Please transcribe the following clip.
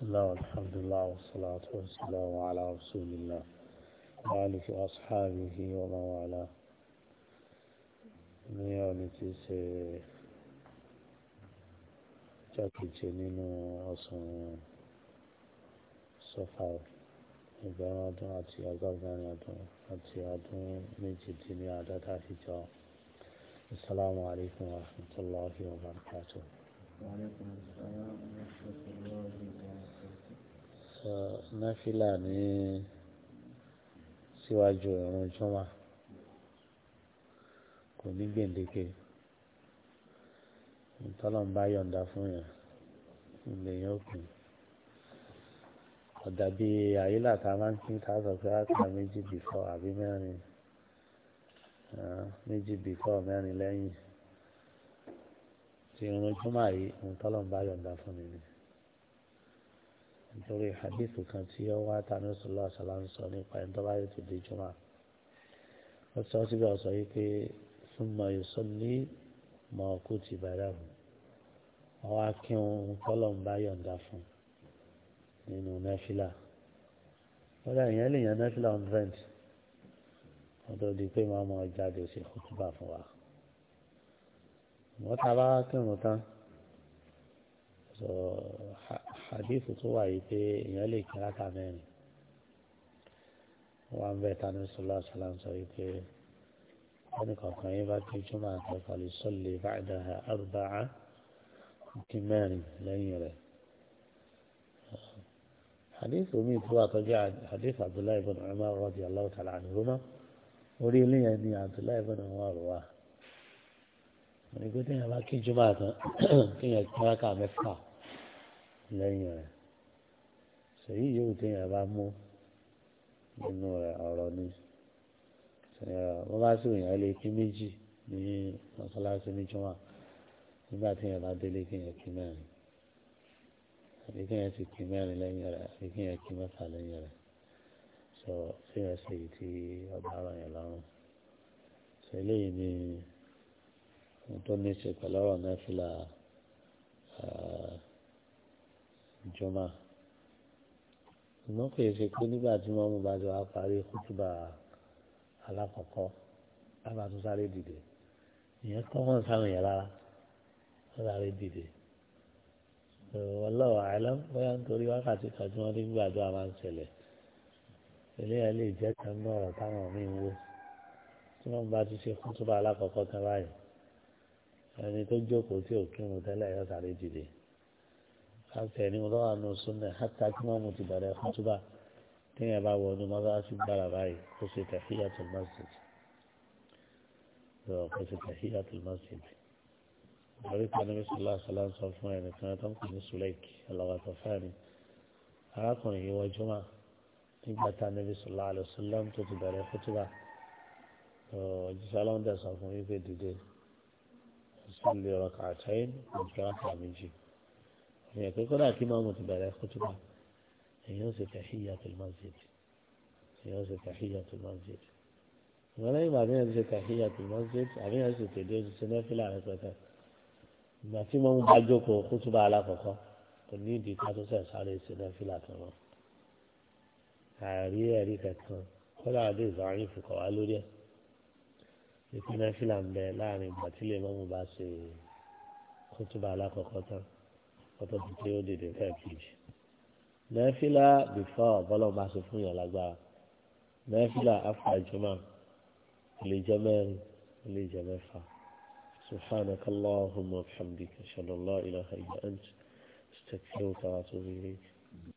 بسم الله والحمد لله والصلاة والسلام على رسول الله وعلى أصحابه ومن والاه من يوم تسع جاكي جنين وأصم صفا إبانا دون أتي أغاني أدون أتي أدون من جديني أدتا في جاء السلام عليكم ورحمة الله وبركاته وعليكم السلام ورحمة الله وبركاته náfìlà ní síwájú ìrun jọ́mà kò ní gbèǹdéke tọ́lọ̀ ń bá yọ̀ǹda fún yẹn lèyìn òkun ọ̀dà bíi àyílà tá a máa ń kí tá a sọ pé á kà méjì bìfọ́ àbí mẹ́rin méjì bìfọ́ mẹ́rin lẹ́yìn tí ìrun jọ́mà yìí tọ́lọ̀ bá yọ̀ǹda fún mi ni nítorí hadithu kan tí ó wá tánú sọlá sọlá ń sọ nípa ẹni tó bá yẹ tó di jùmọ̀ ó sọ síbẹ̀ ọ̀sọ̀ yìí pé súnmọ́ yusalli ma kutiba lahu wọ́n wá kí wọn kọ́lọ̀ ń bá yọ̀ǹda fún nínú nẹ́fìlà wọ́n ìyẹn lè yan nẹ́fìlà on rent wọ́n di pé màmá jáde ṣe kútùbà fún wa wọ́n ta bá kírun tán so hadith tó wà yìí pé èèyàn lè kí rákà mẹ́rin wọn bẹ tani sọlá sọlá ń sọ yìí pé ẹnì kọ̀ọ̀kan yìí bá ti jùmọ̀ àti ọ̀fàlì sọ́lẹ̀ báyìí àrùbáà kí mẹ́rin lẹ́yìn rẹ̀. hadith omi tó wà tọ́jú hadith abdullahi ibn umar radiyallahu ta'ala anhuma orí ilé yẹn ni abdullahi ibn umar wà. ìgbésẹ̀ yẹn bá kí jùmọ̀ àtàn kí yẹn kí rákà mẹ́fà lẹ́yìn rẹ̀ sèyí yóò téèyàn bá mú nínú rẹ̀ ọ̀rọ̀ ni wọ́n bá sì wòyàn lé kí méjì ní mọ́sálásí ní jọ́wọ́ nígbà tí yẹn bá délé kí yẹn kí mẹ́rin àbí kí yẹn sì kí mẹ́rin lẹ́yìn rẹ̀ àbí kí yẹn kí mẹ́fà lẹ́yìn rẹ̀ sọ sí yẹn sì ti ọba ara yẹn lọ́rùn sọ eléyìí ni ohun tó ní í ṣe pẹ̀lú ọ̀rọ̀ náà fi là ìjọba ṣùgbọ́n kò yẹ ṣe pé nígbà tí wọ́n mú bá ti wá parí kútùbà alákọ̀ọ́kọ́ lábàá tún sáré dìde ìyẹn kọ́mọ̀ sáwọn yẹn lára wọ́n sáré dìde wallahu a'lam bóyá nítorí wákàtí kan tí wọ́n ní gbàdúrà máa ń ṣẹlẹ̀ eléyà lè jẹ́ kan náà ọ̀rọ̀ táwọn míì ń wò tí wọ́n bá ti ṣe kútùbà alákọ̀ọ́kọ́ kan báyìí ẹni tó jókòó tí ò kírun tẹ́lẹ̀ yóò sáré dìde káfíà ní wọn wà nù súnà hátà kí wọn mú ti bẹ̀rẹ̀ kútúbà téèyàn bá wọ ọdún mọ́sáàsì gbára báyìí kó ṣe tahiyatul masjid lọ kó ṣe tahiyatul masjid lórí pàdánù sọlá sọlá ń sọ fún ẹnì kan tó ń pè ní sùlẹ́ẹ̀kì ọlọ́wàtọ̀ fáàní arákùnrin yìí wọ jùmọ̀ nígbà tá a níbi sọlá àlùsọlá tó ti bẹ̀rẹ̀ fún wípé dìde èèyàn pé kódà kí máa mú ti bẹ̀rẹ̀ kútùbà èèyàn ṣe tahiyatul masjid èèyàn ṣe tahiyatul masjid ìwọ́n lẹ́yìn ìgbà téèyàn ti ṣe tahiyatul masjid àbíyàn sì tèdè oṣù sí nẹ́fìlà rẹ pẹ̀tẹ́ ìgbà tí wọ́n bá jókòó kútùbà alákọ̀ọ́kọ́ kò ní ìdí ká tó sẹ̀ sáré sí nẹ́fìlà kan lọ. àárí ẹ̀rí kankan kótó ti pé ó dìde kẹ́ẹ̀kejì nẹ́fílà bìfọ́ bọ́lọ́mù bá ṣe fún yàn lágbára nẹ́fílà afájúmọ́ ilé jẹ́ mẹ́rin ilé jẹ́ mẹ́fà سبحانك اللهم وبحمدك اشهد ان لا اله الا انت استغفرك واتوب اليك